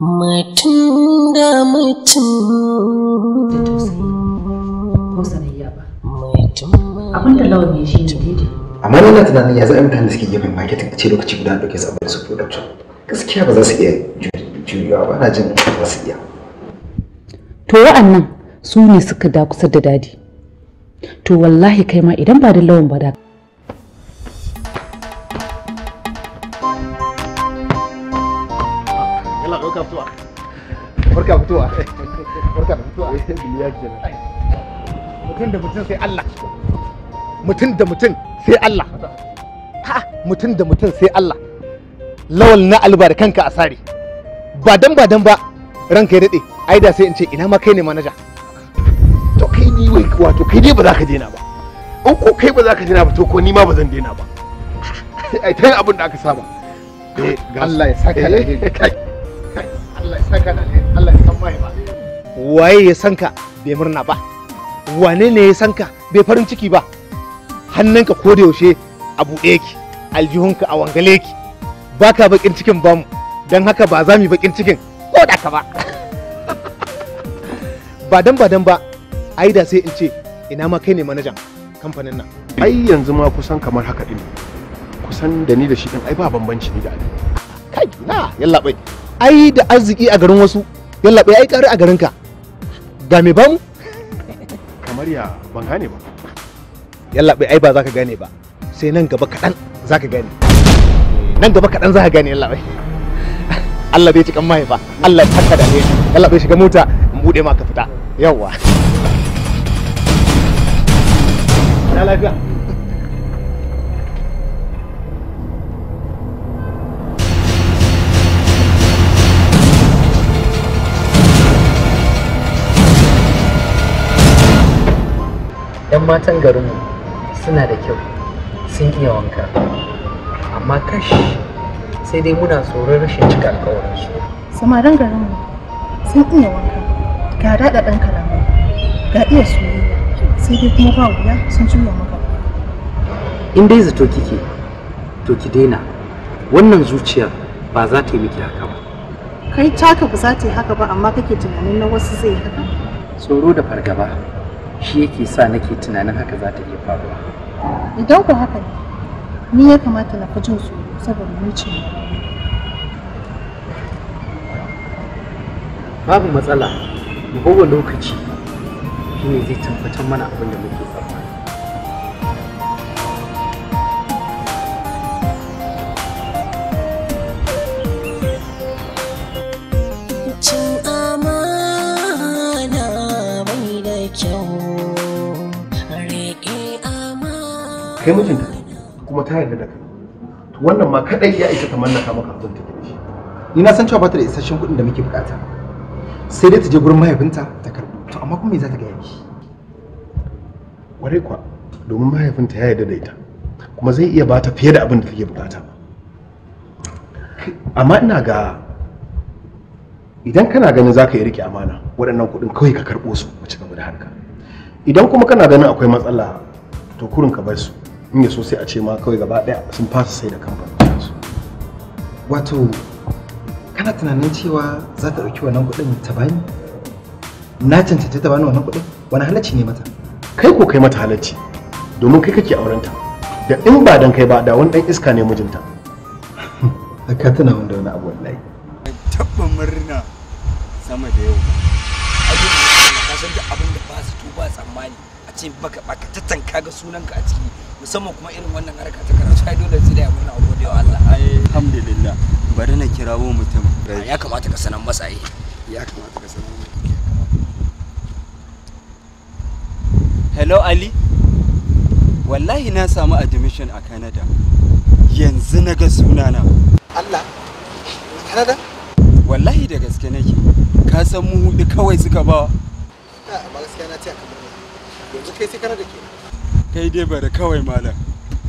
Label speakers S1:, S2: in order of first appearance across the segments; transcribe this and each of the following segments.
S1: mutum
S2: da mutum
S1: da lawan ne shi ne amma wannan tunanin
S3: ya
S4: zai mutane suke gefen marketing a ce lokaci guda ɗauke su abin su production gaskiya ba za su iya juriyawa ba na jin ba su iya
S2: to wa'annan su ne suka da kusa da dadi to wallahi kai ma idan ba da lawan ba da
S3: barka fitowa barka da fitowa ya mutum da mutum sai Allah mutum da mutum sai Allah ha mutum da mutum sai Allah lawal na albarkanka a sare ba dan ba dan ba ranka ya dade ai da sai in ce ina ma kai ne manaja to kai ni wai wato kai dai ba za ka daina ba in ko kai ba za ka daina ba to ko ni ma ba zan daina ba ai ta abin da aka saba eh, Allah ya saka eh, alheri kai Allah ya saka da Allah ya san mai ba waye ya san ka bai murna ba wane ne ya san ka bai farin ciki ba hannunka ko da yaushe a buɗe ki aljihunka a wangale ki baka bakin cikin bamu don haka ba za mu bakin cikin ko da ka ba ba dan ba dan ba ai da sai in ce ina ma kai ne manajan kamfanin nan ai yanzu ma kusan kamar haka din kusan da ni da shi din ai ba bambanci ni da ali kai na yalla bai ai da arziki a garin wasu yallaɓe ai ƙari a garinka ga me bamu kamar ya ban gane ba yallaɓe ai ba za ka gane ba sai nan gaba kaɗan za ka gane nan gaba kaɗan za ka gane yallaɓe Allah bai cikin mahaifa Allah ya haka da ne yallaɓe shiga mota in buɗe ma ka fita yawwa na lafiya
S4: matan garinmu suna da kyau sun iya wanka amma kashi sai dai muna tsoron rashin cika alkawarinsu
S2: samarin garinmu sun iya wanka ga daɗa ɗan karamu ga iya soyayya sai dai kuma ba wuya sun juya maka
S4: in dai zato kike to ki daina wannan zuciyar ba za ta yi miki haka ba
S2: kai taka ba za ta yi haka ba amma kake tunanin na wasu zai haka
S4: tsoro da fargaba shi yake sa nake tunanin haka za ta iya faruwa
S2: idan ku haka ne ni ya kamata na fi jin saboda mucin
S4: babu matsala mu bawa lokaci ne zai tabbatar mana abin da muke tsammani
S1: kai mijinta kuma ta yarda
S3: da kai wannan ma kadai ya isa ta mallaka maka abin da kake ni na san cewa ba ta da isasshen kuɗin da muke bukata sai dai ta je gurin mahaifinta ta karɓo to amma kuma me za ta gaya miki kwarai kwa domin mahaifinta ya yarda da ita kuma zai iya bata fiye da abin da take bukata amma ina ga idan kana ganin za ka yi rike amana waɗannan kuɗin kawai ka karɓo su mu ci gaba da harka idan kuma kana ganin akwai matsala to kurin ka bar su in so sai a ce ma kawai gaba daya sun fasa sai da kamfanin su wato kana tunanin cewa za ta ɗauki wannan kuɗin ta bani na cancanta ta bani wannan kuɗin wani halacci ne mata kai ko kai mata halacci domin kai kake aurenta da in ba dan kai ba da wani dan iska ne mijinta ka tuna wanda wani abu wallahi
S4: tabba murna sama da yau ka san da abin da ba su tuba tsammani a ce baka baka tattanka ga sunanka a ciki musamman kuma irin wannan harka ta karatu ai dole sai da ya muna gode wa Allah ai alhamdulillah bari na kira kirawo mutum ah, ya kamata ka sanan masa eh. ya kamata ka sanan Hello Ali wallahi na samu admission a Canada yanzu na ga sunana Allah Canada wallahi da gaske nake ka san mu hudu kawai suka ba
S5: ah, ba gaskiya na ce a kamar
S3: yanzu kai sai kana da
S4: kai dai bari kawai malam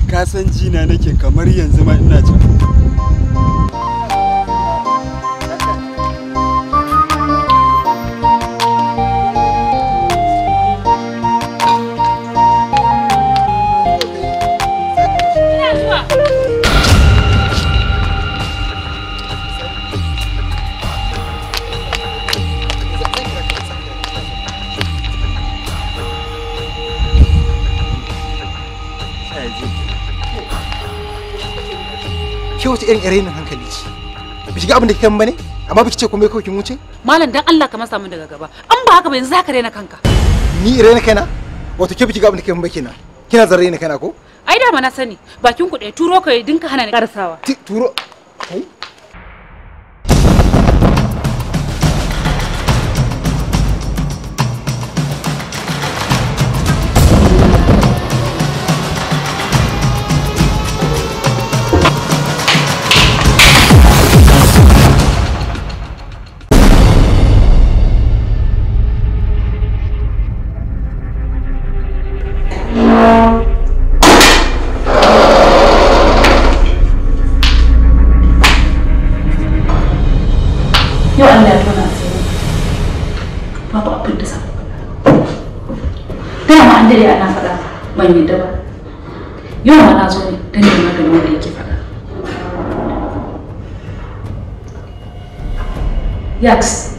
S4: ka san jina nake kamar yanzu ma ina can
S3: irin rainin hankali ce ba shiga abin da kike bane amma biki ce
S2: kuma kawai kin wuce malam dan Allah ka masa mun daga gaba an ba haka ba yanzu zaka raina kanka
S3: ni raina kaina wato ke biki ga abin da kike ba kina kina zan raina kaina ko
S2: ai da ma na sani bakin ku ɗaya turo ka dinka hana ni karasawa turo kai Relax.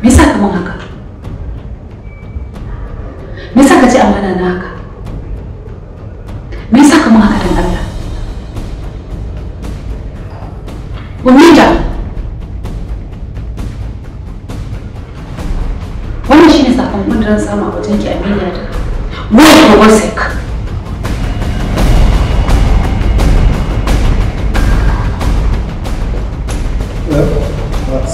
S2: Me yasa ka mun haka? Me yasa ka ji amana na haka? Me yasa ka mun haka dan Allah? Umida. Wannan shine sakon kundin samu a wajen ki aminiya ta. Wai for one sake.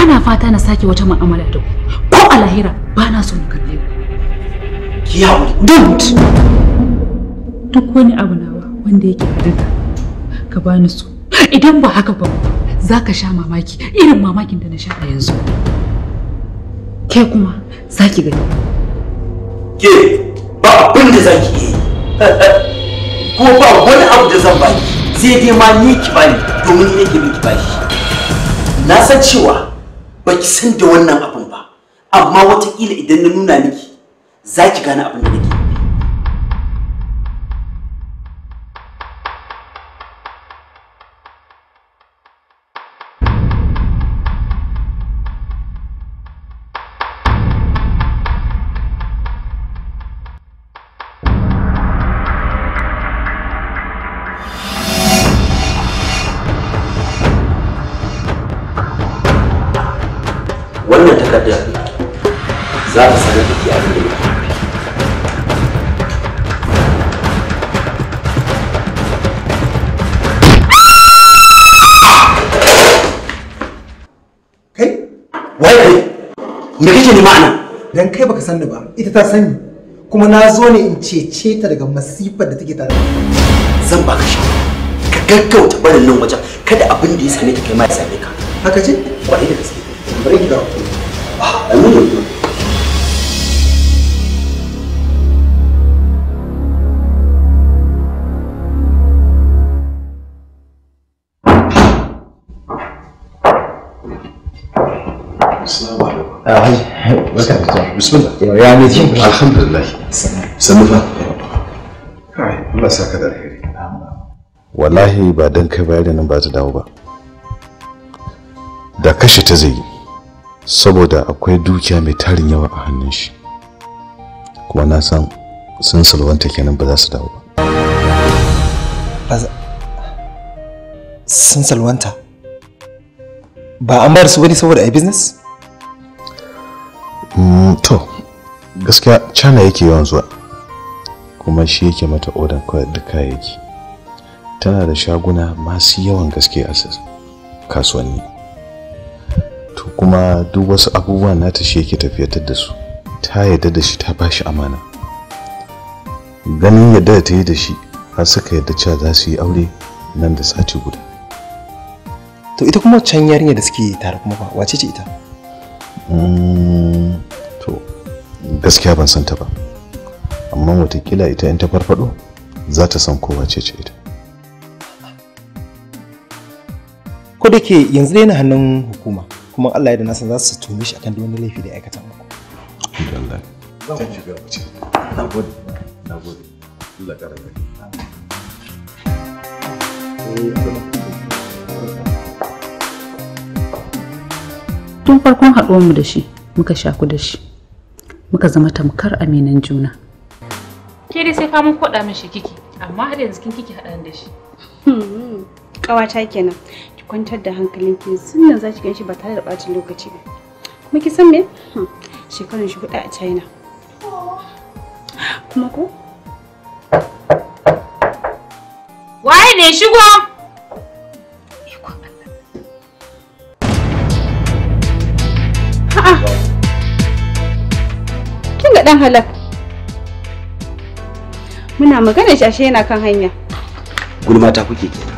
S2: bana fata na sake wata mu'amala da ku ko a lahira bana so na kalle ku ya don't duk wani abu nawa wanda yake daga ka bani so idan ba haka ba za ka sha mamaki irin mamakin da na sha a yanzu
S4: ke kuma za ki gani ke ba abin da za ki yi ko ba wani abu da zan baki sai dai ma ni ki bani domin ni ke miki bashi na san cewa baki san da wannan abun ba amma wataƙila idan na nuna miki za ki gane abin da nake ce ni ma'ana
S3: dan kai baka sani ba ita ta sani kuma na zo ne in cece ta daga masifar da take tare
S4: zan baka shi ka gaggauta barin nan wajen kada abin da ya same ta kai ma ya same ka haka ce kwarai da gaske bari ki dawo a yi
S5: Assalamu
S4: alaikum. Ah, barka da zuwa bismillah yau
S3: ya ne ce alhamdulillah sannu fa kai Allah saka da alheri wallahi ba dan kai ba nan ba ta dawo ba da kashe ta zai saboda akwai dukiya mai tarin yawa a hannun shi kuma na san sun salwanta kenan ba za su dawo ba sun salwanta ba an bar su wani saboda ai yi business Mm, to gaskiya Cana yake yawan zuwa kuma shi yake mata odan da kayayyaki tana da shaguna masu yawan gaske a kasuwanni to kuma duk wasu abubuwan nata shi yake tafiyatar da su ta yadda da shi ta bashi amana ganin yadda ta yi da shi har suka yadda cewa za su yi aure nan da sati guda to ita kuma can yarinya da suke tare kuma ba wace ce ita Hmm, to gaskiya ban ta ba amma watakila ita in ta farfado za ta san kowa ce ce ita ko da ke yanzu dai na hannun hukuma kuma Allah ya da nasa za su tume shi akan wani laifi da aikata muku thank
S5: you
S2: tun farkon mu da shi muka shaku da shi muka zama tamkar aminan juna ke dai sai ka mun koda mishi kiki amma har yanzu kin kiki haɗa da shi hmm, ƙawata kenan ki kwantar da hankalinki sunan za ki ganshi ba tare da ɓacin lokaci ba kuma ki san me hmm, shekarun shi a china kuma ko waye ne shigo ga dan muna magana shi ashe yana kan hanya
S4: gulma ta kuke kenan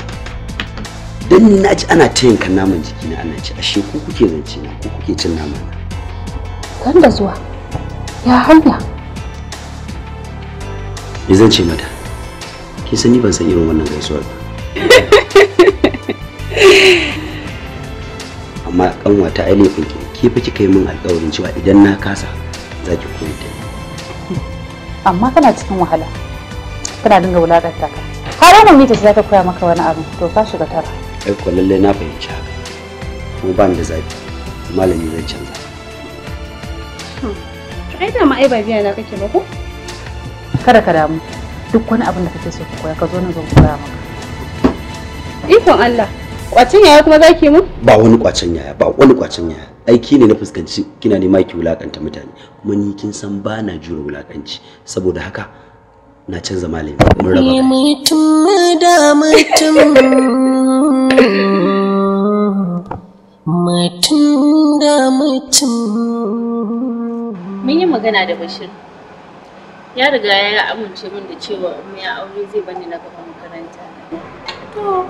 S4: dan na ji ana ta kan naman jiki na ana ci ashe ku kuke zance na ku kuke cin nama na
S2: kan da zuwa ya
S5: hanya
S4: me zan ce mata Ki sani ban san irin wannan gaisuwa ba amma kanwata ai laifin ki ke fa kika yi min alƙawarin cewa idan na kasa za ki koyi da
S2: amma kana cikin wahala kana dinga wulaƙanta ka ka da mami ta za ta koya maka wani abu to ka shiga tara
S4: ai ko lalle na fahimci haka ko ba ni da zafi malami zai canza
S2: hmm. ai da ma ai ba biya na kake ba ko kada ka damu duk wani abin da kake so ka koya ka zo nan zan koya maka ikon Allah kwacin yaya kuma zaki mu
S4: ba wani kwacin yaya ba wani kwacin yaya aiki ne na fuskanci kina nema ki wulakanta mutane kuma ni kin san ba na jure wulakanci saboda haka na canza malami mun raba ni
S5: mutum
S1: da mutum mutum da mutum mun yi magana da
S2: bashir ya riga ya amince min da cewa in ya aure zai bani na gaban makaranta to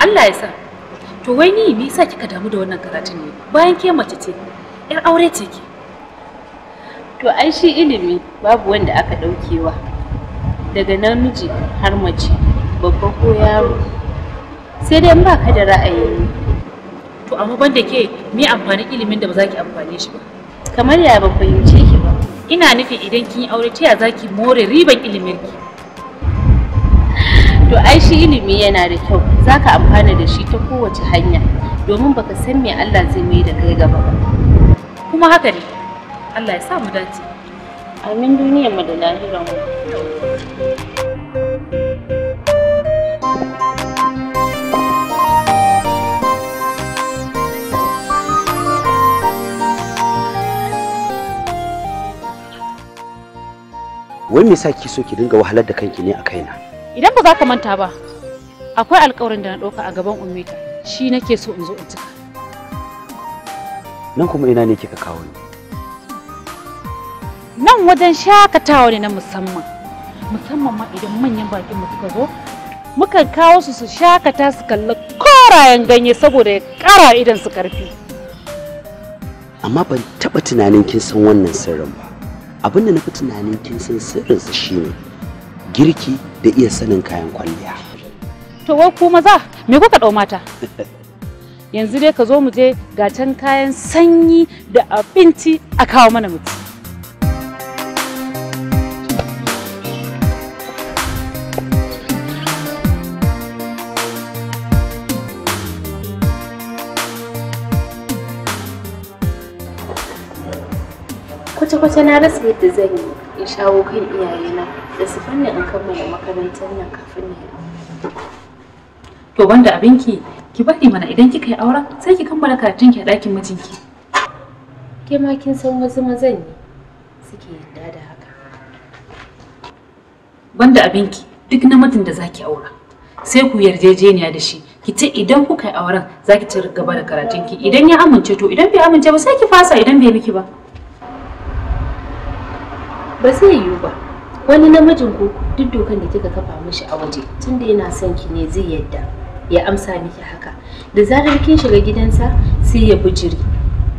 S2: Allah ya sa To wai ni me yasa kika damu da wannan karatun ne? Bayan ke mace ce, ‘yar aure ce ke. To ai shi ilimi babu wanda aka ɗaukewa. Daga namiji har mace, babba ko yaro. Sai dai in ba ka da ra'ayi. To amma banda ke me amfanin ilimin da ba za ki amfane shi ba? Kamar ya ban fahimce ki ba. Ina nufi idan kin yi aure ta ya za ki more riban ilimin ki. To ai shi ilimi yana da kyau. za ka amfana da shi ta kowace hanya domin baka san me Allah zai mai da kai gaba ba kuma haka ne Allah ya sa mu dace amin duniyar mu da lahiran mu
S4: Wai me yasa ki so ki dinga wahalar da kanki ne a kaina?
S2: Idan ba za ka manta ba, akwai alƙawarin da na ɗauka a gaban ta shi nake so in zo in cika
S4: nan kuma ina ne kika kawo ni
S2: nan wajen shakatawa ne na musamman musamman ma idan manyan bakin mu suka zo mukan kawo su su shakata su kalli korayen ganye saboda ya kara idan su karfi
S4: amma ban taba tunanin kin san wannan sirrin ba abinda da na fi tunanin kin san sirrin su shine girki da iya sanin kayan kwalliya
S2: to wai ku maza me kuka dau mata yanzu dai ka zo mu je ga can kayan sanyi da abinci a kawo mana mutum kwata-kwata na rasa yadda zan yi in shawo kan iyayena da su fanni in kammala makarantar nan kafin ne to banda abinki ki bari mana idan kika yi auren sai ki kammala karatun ki a ɗakin mijinki ke ma kin san wasu mazan ne suke yarda da haka banda abinki duk namijin da zaki aura sai ku yarjejeniya da shi ki ce idan kuka yi auren za ki ci gaba da karatun ki idan ya amince to idan bai amince ba sai ki fasa idan bai miki ba ba zai yiwu ba wani namijin ko duk dokan da kika kafa mishi a waje tunda yana son ki ne zai yadda ya amsa miki haka da zarar kin shiga gidansa sai ya bujiri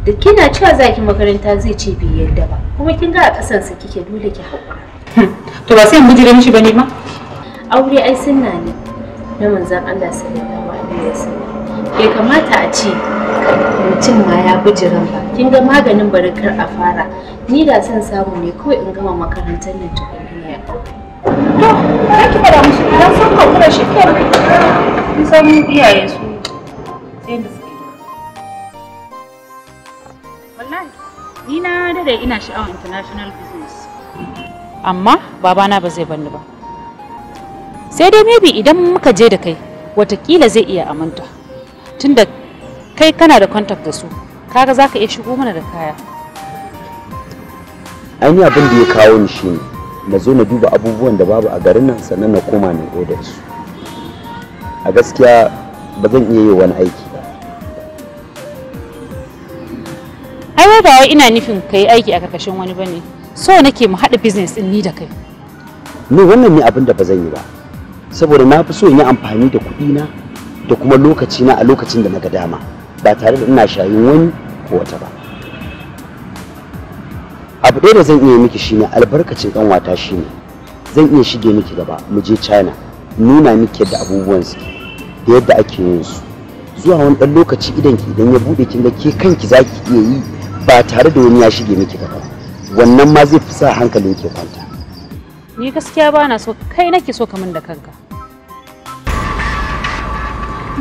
S2: da kina cewa za ki makaranta zai ce bai yadda ba kuma kin ga a ƙasansa kike dole ki haƙura hmm. to ba sai in bujire mishi bane ma aure ai sunna ne na manzon Allah sallallahu alaihi wasallam ya kamata a ce mutum ma ya bujiran ba kin ga maganin barkar a fara ni da son samu ne kawai in gama makarantar nan tukunna ya
S5: to ki fara musu idan sun kankura shi
S2: kenan kun san iyaye su sai da suke ni na ina sha'awar international business amma babana ba zai bani ba sai dai maybe idan muka je da kai watakila zai iya aminta tunda kai kana da contact da su kaga zaka iya shigo mana da kaya
S4: an abin da ya kawo ni shine na zo na duba abubuwan da babu a garin nan sannan na koma ni odar su a gaskiya ba zan iya yi wani aiki
S2: ai ba wai ina nufin ka yi aiki a karkashin wani bane so nake mu haɗa business din ni da kai
S4: ni wannan ne abin da ba zan yi ba saboda na fi so in yi amfani da kuɗina da kuma lokacina a lokacin da na ga dama ba tare da ina shayin wani ko wata ba abu ɗaya da zan iya miki shine albarkacin ƙanwata shine zan iya shige miki gaba mu je china nuna miki da abubuwan su da yadda ake yin su zuwa wani dan lokaci idan ki idan ya bude kin ga ke kanki zaki iya yi ba tare da wani ya shige miki gaba wannan ma zai fi sa hankalin ki kwanta
S2: ni gaskiya ba na so kai nake so min da kanka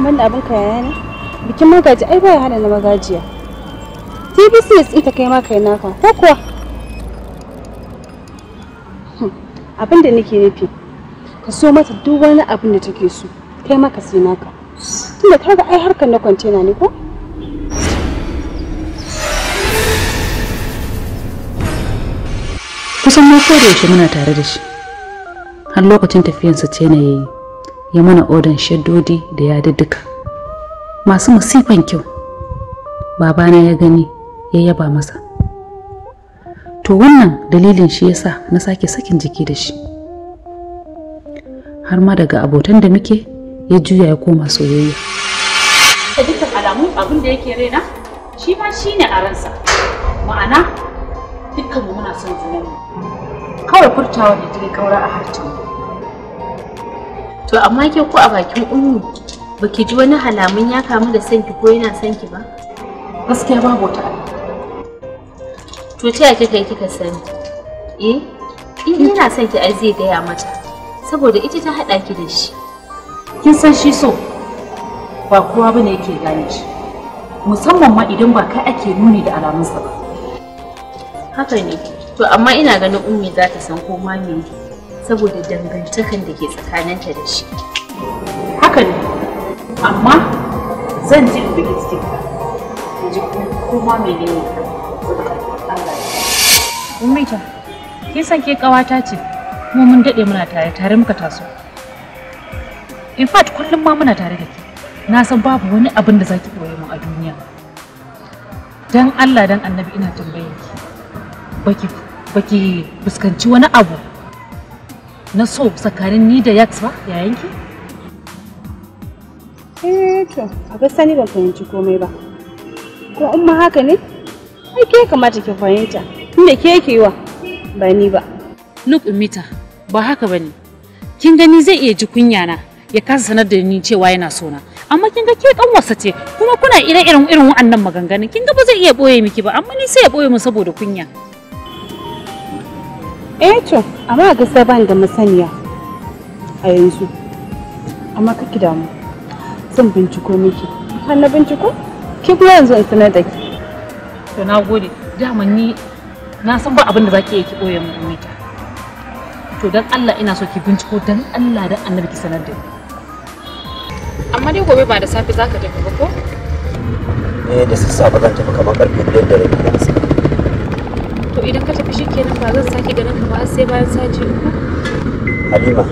S2: ban da abin kaya ne bikin magaji ai baya hana na magajiya tbcs ita kai ma kai naka ko kuwa hm, abin da nake nufi ka so mata duk wani abin da take so kai ma ka sai naka tunda ga ai harkar na kwantena ne ko kusan ma ko da yaushe muna tare da shi har lokacin tafiyansa ce na yayi ya mana odan shaddodi da ya duka. masu musifan kyau babana ya gani ya yaba masa to wannan dalilin shi yasa na sake sakin jiki da shi har ma daga abotan da muke ya juya ya koma soyayya da dukkan alamu abin da yake raina shi ma shi ne a ransa ma'ana dukkan mu muna son junanmu kawai furtawa da ta kaura a harcin to amma ke ko a bakin ummi baki ji wani halamun ya kamu da sanki ko yana sanki ba gaskiya babu wata to ta yake kai kika sani eh in yana son ki ai zai gaya mata saboda ita ta haɗa ki da shi kin san shi so ba kowa bane yake gane shi musamman ma idan ba kai ake nuni da alamunsa ba haka ne to amma ina ganin ummi za ta san ko ma me saboda dangantakan da ke tsakaninta da shi haka ne amma zan ji in bigi cikinka ji ko ma ne ummi ta kin san ke kawata ce kuma mun daɗe muna tare tare muka taso in fact kullum ma muna tare da ke na san babu wani abin da zaki ɓoye mu a duniya dan Allah dan annabi ina tambayin ki baki baki fuskanci wani abu na so tsakanin ni da Yax ba yayin ki eh to a gaskiya ni ban fahimci komai ba ko in ma haka ne ai ke kamata ki fahimta inda ke yi wa ba ni ba look mita ba haka bane kin gani zai iya ji kunya na ya kasa sanar da ni cewa yana so na amma kin ga ke wasa ce kuma kuna ire irin irin wa'annan maganganun kin ga ba zai iya boye miki ba amma ni sai ya boye mu saboda kunya eh to amma gaskiya ban da masaniya a yanzu amma kake damu zan binciko miki har na binciko ki kuma yanzu in sanar da ki to na gode dama ni na san ba abin da zaki iya ki boye mu miki to dan Allah ina so ki binciko dan Allah dan annabi ki sanar da amma dai gobe ba da safe zaka tafi ba ko
S4: eh da ba zan tafi kamar karfe 5 da rabi
S2: to idan ka tafi shikenan ba zan sake ganin ka ba sai bayan sati uku
S4: Halima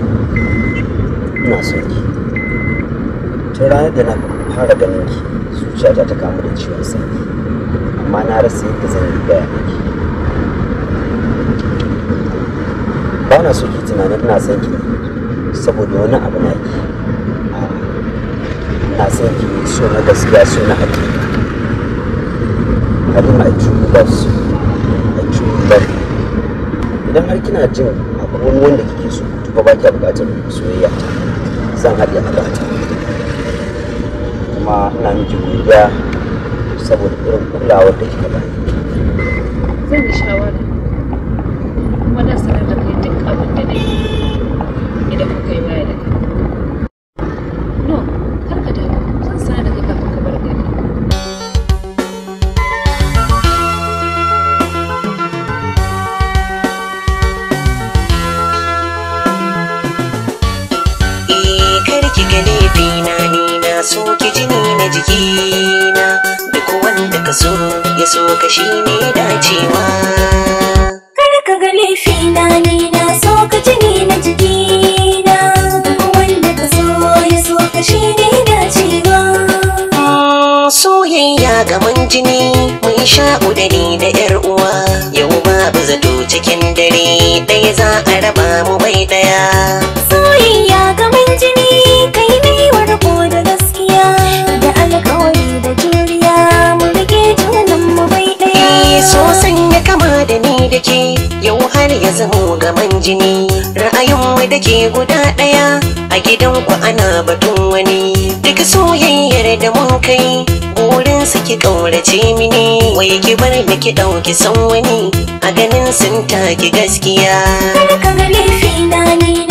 S4: ina so ki tun ranar da na fara ganin ki zuciyata ta kamu da ciwon sanyi amma na rasa yadda zan yi gaya miki ba na so ki tunanin ina son ki saboda wani abu na ki ina son ki so na gaskiya so na haƙi abin a true love so a true love idan har kina jin akwai wanda kike so to fa ba ki buƙatar soyayya zan haɗe a ta kuma ina miki godiya saboda irin kulawar da kika bani
S2: zan yi shawara kuma na
S1: jikina duk wanda ka so ya so ka shi ne dacewa
S5: kar ka ga laifina ne ni na so ka ji na jikina duk wanda ka so ya so ka shi ne dacewa ah, soyayya gaman
S1: jini mun sha udari da yar uwa yau babu zato cikin dare ɗaya za a raba mu bai ɗaya soyayya gaman jini kai ni yau har ya zama gaban jini ra'ayin mu da guda ɗaya a gidan ku ana batun wani duk soyayyar da mun kai burin su ki ƙaurace mini wai ki bar ni ki ɗauki san wani a ganin sun take gaskiya
S5: kada ka ga laifi na ni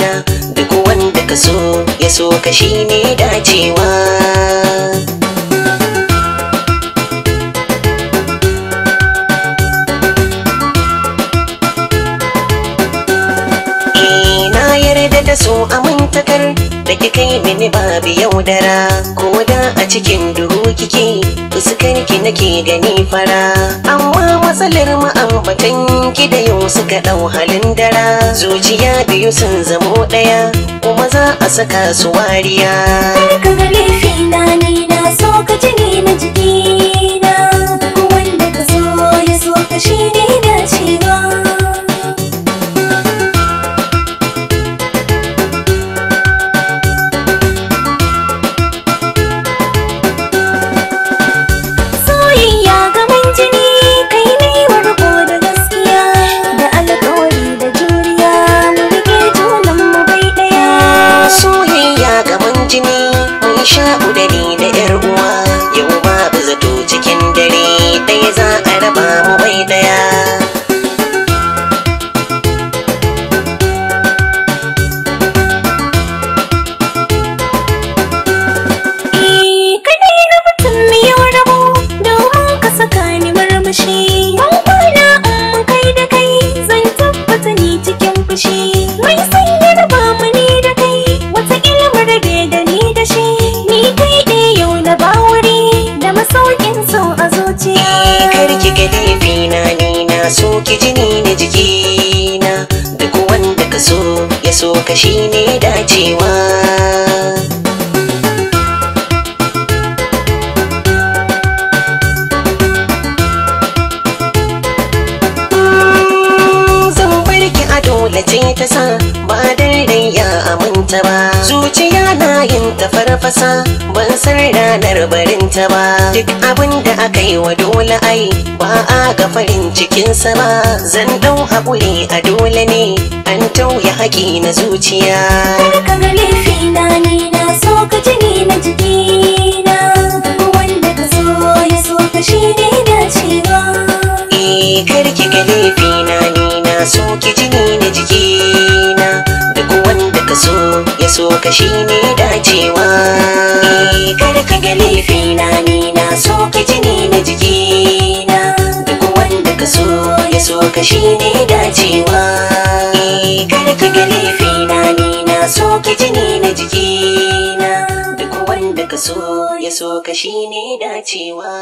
S1: na duk wanda ka so ya so ka ne dacewa ina eh, yarda da so amintakar da kika yi mini babu yaudara ko da a cikin duhu kike fuskarki nake gani fara amma matsalar ma'ambatan ki da yau suka ɗau halin dara zuciya biyu sun zamo ɗaya kuma za a saka su wariya
S5: ka ga laifi na ni jini na jikina wanda ka ya ka na cewa
S1: my ƙasa ban san ranar ta ba duk abin da aka yi wa dole ai ba a ga farin cikinsa ba zan dau haƙuri a dole ne an tauye haƙi na zuciya ka ga na so ka
S5: jini na jiki wanda ka ya so ka shi ne E, eh, karki ga laifi na ni na so ki jini na
S1: jiki na duk wanda so ya so ka shine dacewa eh, kar ka ga laifina. na ni na so ka jini na jikina duk wanda ka so ya so ka ne dacewa eh, kar ka ga laifina. na ni na so ka jini na jikina duk wanda ka so ya so ka ne dacewa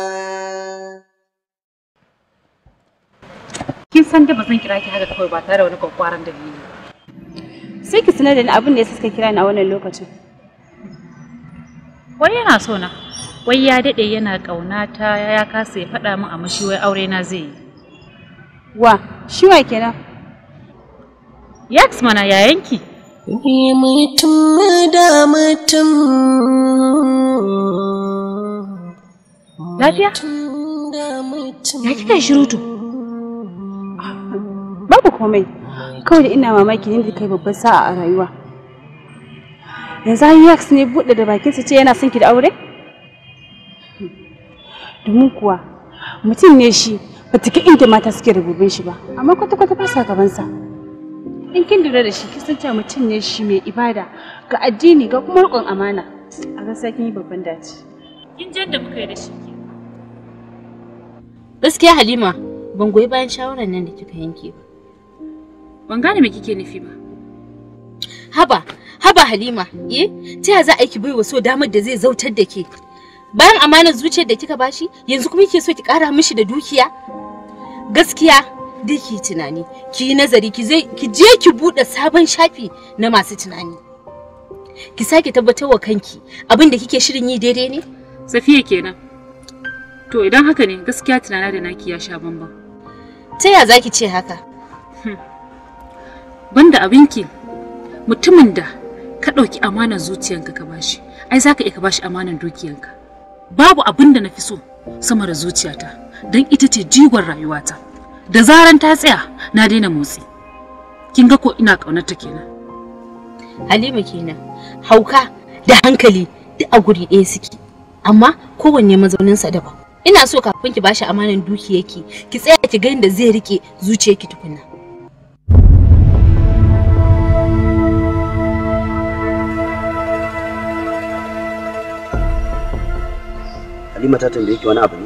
S2: kin san da ba zan kira ki haka kawai ba tare da wani kwakwaran dalili ba sai ki sanar da ni abin da ya suka kira ni a wannan lokacin wai yana so na wai ya daɗe yana ƙaunata ya kasa ya faɗa min a mashi wai aure na zai yi
S1: wa shi wa kenan
S2: yaks mana yayanki
S1: ni mutum da mutum
S2: lafiya ya kika shirutu babu komai kawai da ina mamaki ne da kai babban sa'a a rayuwa yanzu an yax ne buɗe da bakinsa ce yana son ki da aure domin kuwa mutum ne shi ba ta inda mata suke rububin shi ba amma kwata-kwata ba sa gabansa in kin lura da shi ki san cewa mutum ne shi mai ibada ga addini ga kuma riƙon amana a gaskiya kin yi babban dace kin je da muka yi da shi gaskiya halima ban goyi bayan shawarar nan da kika yanke ba Ban gane me kike nufi ba. Haba, haba Halima, ye, eh, ta ya za a yi ki baiwa so damar da zai zautar da ke. Bayan amanar zuciyar da kika bashi, yanzu kuma kike so ki kara mishi da dukiya? Gaskiya, tunani, ki yi nazari, ki je ki buɗe sabon shafi na masu tunani. ki sake tabbatar wa kanki abin da kike shirin yi daidai ne? Safiya kenan. To idan haka ne gaskiya tunana da naki ya sha bamban. Ta ya zaki ce haka? Hmm. banda abinki mutumin da ka ɗauki amanar zuciyanka ka bashi ai za ka iya ka bashi amanar dukiyanka babu abin da na fi so sama da zuciyata don ita ce jigon rayuwata da zaran ta tsaya na daina motsi kin ga ko ina ƙaunarta kenan halima kenan hauka da hankali duk a guri ɗaya suke amma kowanne mazauninsa daban ina so kafin ki bashi amanar dukiyarki ki tsaya ki ga yadda zai rike zuciyarki tukunna
S4: Halima ta tambaye ki wani abu ne?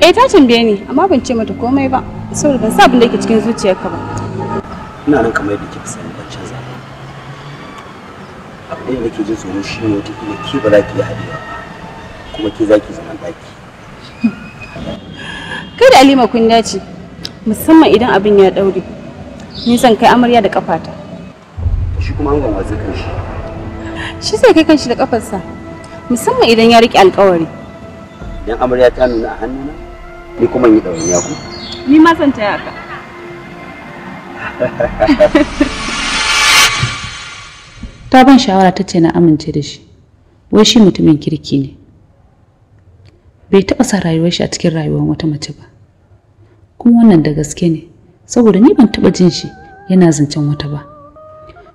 S2: Eh ta tambaye ni amma ban ce mata komai ba saboda ban sa abin da yake cikin zuciyarka ba.
S4: Ina nan kamar yadda kike sani ban canza. Abin da nake jin tsoro shi ne wata kila ki ba za ki yi haɗewa kuma ki za ki zama daki.
S2: Kai da Halima kun dace musamman idan abin ya daure. Ni zan kai amarya da kafata.
S4: Shi kuma an wa zai kan shi.
S2: Shi zai kai kan shi da kafarsa. musamman idan ya riƙe alƙawari.
S4: Idan amarya ta nuna a hannuna, ni kuma yi ɗawainiya ku.
S2: Ni ma son taya ka. Ta ban shawara ta ce na amince da shi, wai shi mutumin kirki ne. Bai taɓa sa rayuwar shi a cikin rayuwar wata mace ba. Kuma wannan da gaske ne, saboda ni ban taɓa jin shi yana zancen wata ba.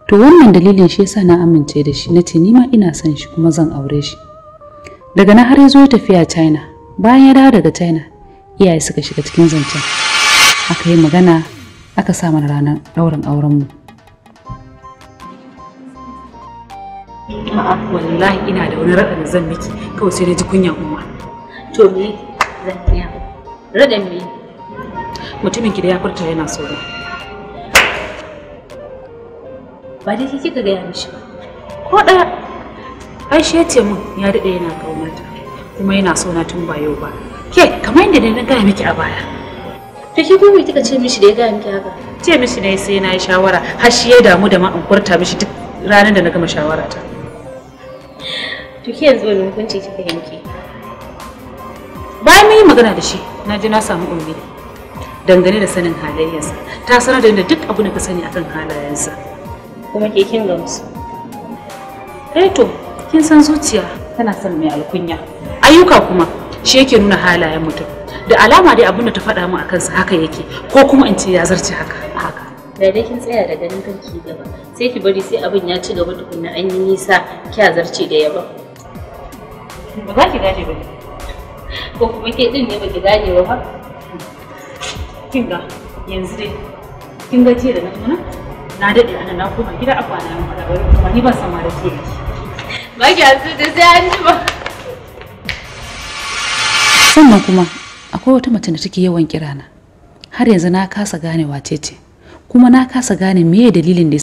S2: to wannan dalilin shi yasa na amince da shi nace ni ma ina son shi kuma zan aure shi daga na har ya zo tafiya China bayan ya dawo daga China iyaye suka shiga cikin zancen aka yi magana aka sa mana ranar ɗaurin mu. a'a wallahi ina da wani raɗa da zan miki kawai sai na ji kunya umma to me zan iya raɗa me mutumin ki da ya furta yana so ba dai kike gaya mishi ba ko ɗaya aisha ce min ya daɗe yana ƙaunata kuma yana so na tun ba yau ba ke kamar yadda na gaya miki a baya Ta ki ko kika ce mishi da ya gaya miki haka ce mishi ne sai na yi shawara har shi ya damu da ma in furta mishi duk ranar da na gama shawara ta to ki yanzu wani hukunci kika yanke bayan mun yi magana da shi na ji na samu ummi dangane da sanin halayensa ta sanar da duk abin da ka sani akan halayensa kuma ke kin gamsu eh to kin san zuciya tana son mai alkunya ayyuka kuma shi yake nuna halayen mutum da alama dai abinda ta faɗa mu akan sa haka yake ko kuma in ce ya zarce haka haka da dai kin tsaya da ganin kanki gaba sai ki bari sai abin ya ci gaba tukunna an yi nisa kya zarce da yaba ba za ki gaje ba ko kuma ke din ne ba ki gane ba kin ga yanzu dai kin ga jiya da na nan na daɗe ana na koma gida a kwana yan fara kuma ni ban san da ba ki hasu da sai an ji ba sannan kuma akwai wata mace da take yawan kirana har yanzu na kasa gane wace ce kuma na kasa gane meye dalilin da